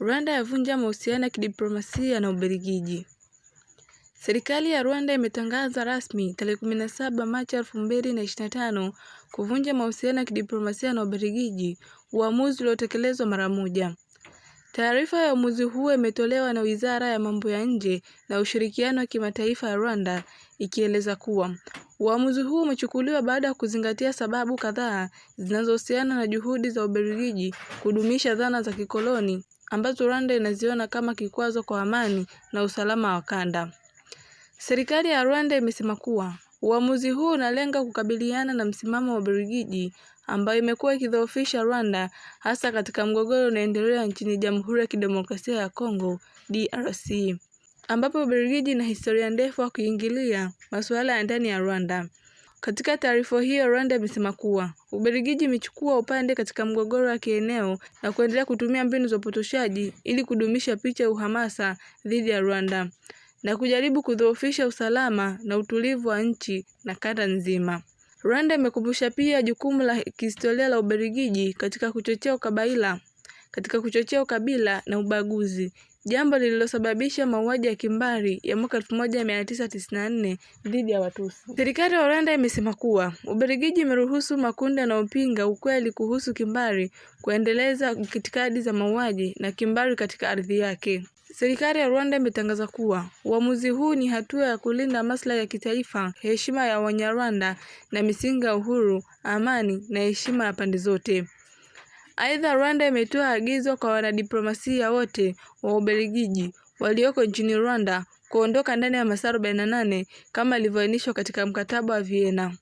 Rwanda yavunja mahusiano ya kidiplomasia na Ubelgiji. Serikali ya Rwanda imetangaza rasmi tarehe 17 Machi 2025 kuvunja mahusiano ya kidiplomasia na Ubelgiji, uamuzi uliotekelezwa mara moja. Taarifa ya uamuzi huo imetolewa na Wizara ya Mambo ya Nje na Ushirikiano wa Kimataifa ya Rwanda ikieleza kuwa uamuzi huo umechukuliwa baada ya kuzingatia sababu kadhaa zinazohusiana na juhudi za Ubelgiji kudumisha dhana za kikoloni ambazo Rwanda inaziona kama kikwazo kwa amani na usalama wa kanda. Serikali ya Rwanda imesema kuwa uamuzi huu unalenga kukabiliana na msimamo wa Ubelgiji ambayo imekuwa ikidhoofisha Rwanda hasa katika mgogoro unaoendelea nchini Jamhuri ya Kidemokrasia ya Kongo DRC ambapo Ubelgiji ina historia ndefu ya kuingilia masuala ya ndani ya Rwanda. Katika taarifa hiyo, Rwanda imesema kuwa Ubelgiji imechukua upande katika mgogoro wa kieneo na kuendelea kutumia mbinu za upotoshaji ili kudumisha picha ya uhamasa dhidi ya Rwanda na kujaribu kudhoofisha usalama na utulivu wa nchi na kanda nzima. Rwanda imekumbusha pia jukumu la kihistoria la Ubelgiji katika kuchochea kabila katika kuchochea ukabila na ubaguzi jambo lililosababisha mauaji ya kimbari ya mwaka 1994 dhidi ya Watusi. Serikali ya Rwanda imesema kuwa Ubelgiji imeruhusu makundi yanayopinga ukweli kuhusu kimbari kuendeleza itikadi za mauaji na kimbari katika ardhi yake. Serikali ya Rwanda imetangaza kuwa uamuzi huu ni hatua ya kulinda maslahi ya kitaifa, heshima ya Wanyarwanda na misingi ya uhuru, amani na heshima ya pande zote. Aidha, Rwanda imetoa agizo kwa wanadiplomasia wote wa Ubelgiji walioko nchini Rwanda kuondoka ndani ya masaa 48 kama ilivyoainishwa katika Mkataba wa Vienna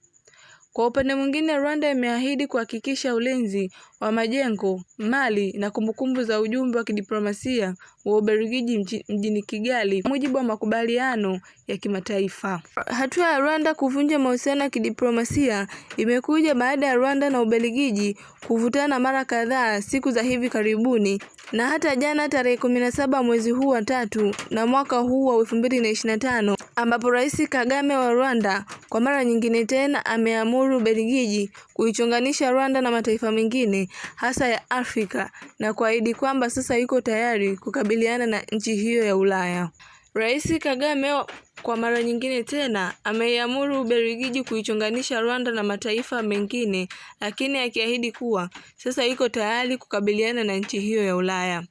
kwa upande mwingine, Rwanda imeahidi kuhakikisha ulinzi wa majengo, mali na kumbukumbu za ujumbe wa kidiplomasia wa Ubelgiji mjini Kigali kwa mujibu wa makubaliano ya kimataifa. Hatua ya Rwanda kuvunja mahusiano ya kidiplomasia imekuja baada ya Rwanda na Ubelgiji kuvutana mara kadhaa siku za hivi karibuni na hata jana tarehe 17 mwezi huu wa tatu na mwaka huu wa 2025 ambapo Rais Kagame wa Rwanda kwa mara nyingine tena ameamuru Ubelgiji kuichonganisha Rwanda na mataifa mengine hasa ya Afrika na kuahidi kwamba sasa yuko tayari kukabiliana na nchi hiyo ya Ulaya. Rais Kagame kwa mara nyingine tena ameiamuru Ubelgiji kuichonganisha Rwanda na mataifa mengine, lakini akiahidi kuwa sasa iko tayari kukabiliana na nchi hiyo ya Ulaya.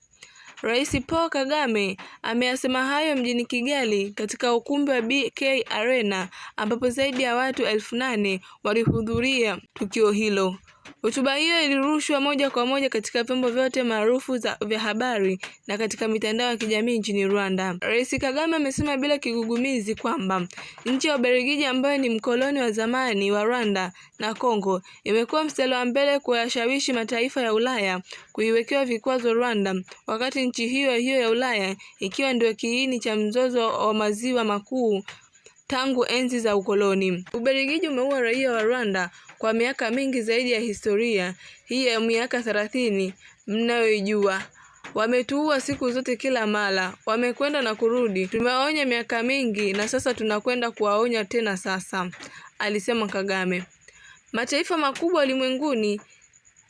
Rais Paul Kagame ameyasema hayo mjini Kigali katika ukumbi wa BK Arena ambapo zaidi ya watu elfu nane walihudhuria tukio hilo. Hotuba hiyo ilirushwa moja kwa moja katika vyombo vyote maarufu vya habari na katika mitandao ya kijamii nchini Rwanda. Rais Kagame amesema bila kigugumizi kwamba nchi ya Ubelgiji ambayo ni mkoloni wa zamani wa Rwanda na Kongo imekuwa mstari wa mbele kuyashawishi mataifa ya Ulaya kuiwekewa vikwazo Rwanda, wakati nchi hiyo hiyo ya Ulaya ikiwa ndio kiini cha mzozo wa maziwa makuu tangu enzi za ukoloni. Ubelgiji umeua raia wa Rwanda kwa miaka mingi zaidi ya historia hii ya miaka thelathini mnayoijua. Wametuua siku zote, kila mara wamekwenda na kurudi. Tumewaonya miaka mingi na sasa tunakwenda kuwaonya tena sasa, alisema Kagame. Mataifa makubwa ulimwenguni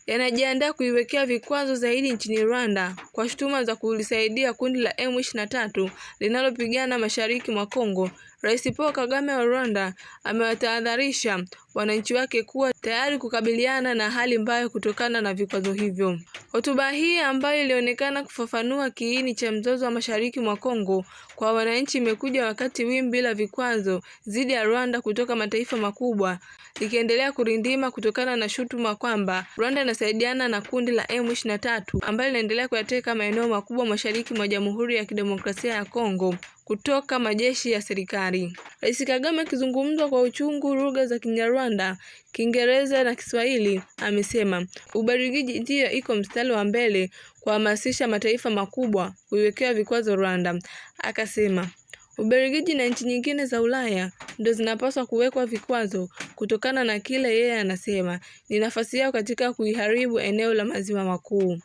yanajiandaa kuiwekea vikwazo zaidi nchini Rwanda kwa shutuma za kulisaidia kundi la M23 linalopigana mashariki mwa Kongo Rais Paul Kagame wa Rwanda amewatahadharisha wananchi wake kuwa tayari kukabiliana na hali mbaya kutokana na vikwazo hivyo. Hotuba hii ambayo ilionekana kufafanua kiini cha mzozo wa mashariki mwa Kongo kwa wananchi imekuja wakati wimbi la vikwazo dhidi ya Rwanda kutoka mataifa makubwa likiendelea kurindima kutokana na shutuma kwamba Rwanda inasaidiana na kundi la M23 ambalo linaendelea kuyateka maeneo makubwa mashariki mwa Jamhuri ya Kidemokrasia ya Kongo kutoka majeshi ya serikali. Rais Kagame akizungumzwa kwa uchungu lugha za Kinyarwanda, Kiingereza na Kiswahili amesema Ubelgiji ndiyo iko mstari wa mbele kuhamasisha mataifa makubwa kuiwekea vikwazo Rwanda. Akasema Ubelgiji na nchi nyingine za Ulaya ndio zinapaswa kuwekwa vikwazo kutokana na kile yeye anasema ni nafasi yao katika kuiharibu eneo la maziwa makuu.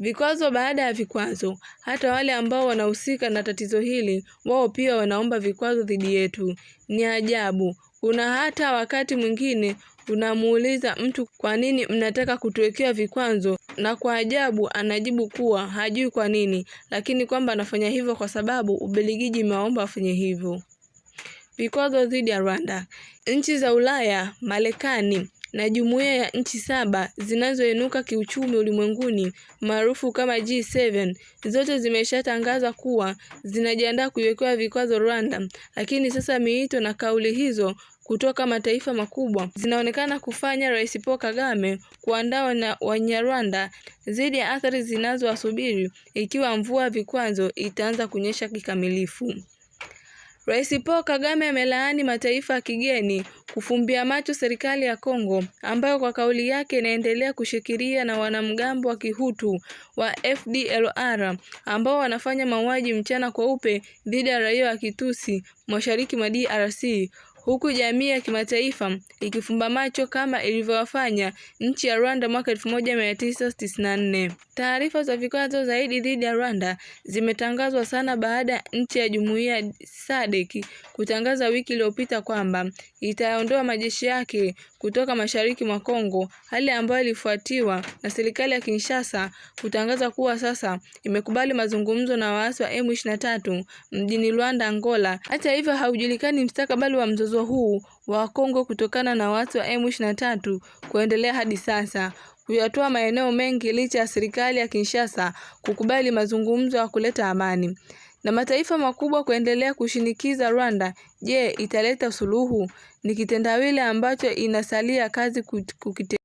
Vikwazo baada ya vikwazo, hata wale ambao wanahusika na tatizo hili wao pia wanaomba vikwazo dhidi yetu. Ni ajabu, kuna hata wakati mwingine unamuuliza mtu kwa nini mnataka kutuwekea vikwazo, na kwa ajabu anajibu kuwa hajui kwa nini, lakini kwamba anafanya hivyo kwa sababu Ubelgiji imewaomba wafanye hivyo. Vikwazo dhidi ya Rwanda. Nchi za Ulaya, Marekani na Jumuiya ya nchi saba zinazoinuka kiuchumi ulimwenguni maarufu kama G7 zote zimeshatangaza kuwa zinajiandaa kuiwekewa vikwazo Rwanda, lakini sasa miito na kauli hizo kutoka mataifa makubwa zinaonekana kufanya Rais Paul Kagame kuandaa na Wanyarwanda dhidi ya athari zinazowasubiri ikiwa mvua vikwazo itaanza kunyesha kikamilifu. Rais Paul Kagame amelaani mataifa ya kigeni kufumbia macho serikali ya Kongo ambayo kwa kauli yake inaendelea kushikilia na wanamgambo wa Kihutu wa FDLR ambao wanafanya mauaji mchana kweupe dhidi ya raia wa Kitusi mashariki mwa DRC huku jamii ya kimataifa ikifumba macho kama ilivyowafanya nchi ya Rwanda mwaka 1994. Taarifa za vikwazo zaidi dhidi ya Rwanda zimetangazwa sana baada ya nchi ya jumuiya SADC kutangaza wiki iliyopita kwamba itaondoa majeshi yake kutoka mashariki mwa Kongo, hali ambayo ilifuatiwa na serikali ya Kinshasa kutangaza kuwa sasa imekubali mazungumzo na waasi wa M23 mjini Luanda, Angola. Hata hivyo, haujulikani mstakabali wa mzozo mzozo huu wa Kongo kutokana na watu wa M23 kuendelea hadi sasa kuyatoa maeneo mengi licha ya serikali ya Kinshasa kukubali mazungumzo ya kuleta amani na mataifa makubwa kuendelea kushinikiza Rwanda. Je, italeta suluhu? Ni kitendawili ambacho inasalia kazi kukite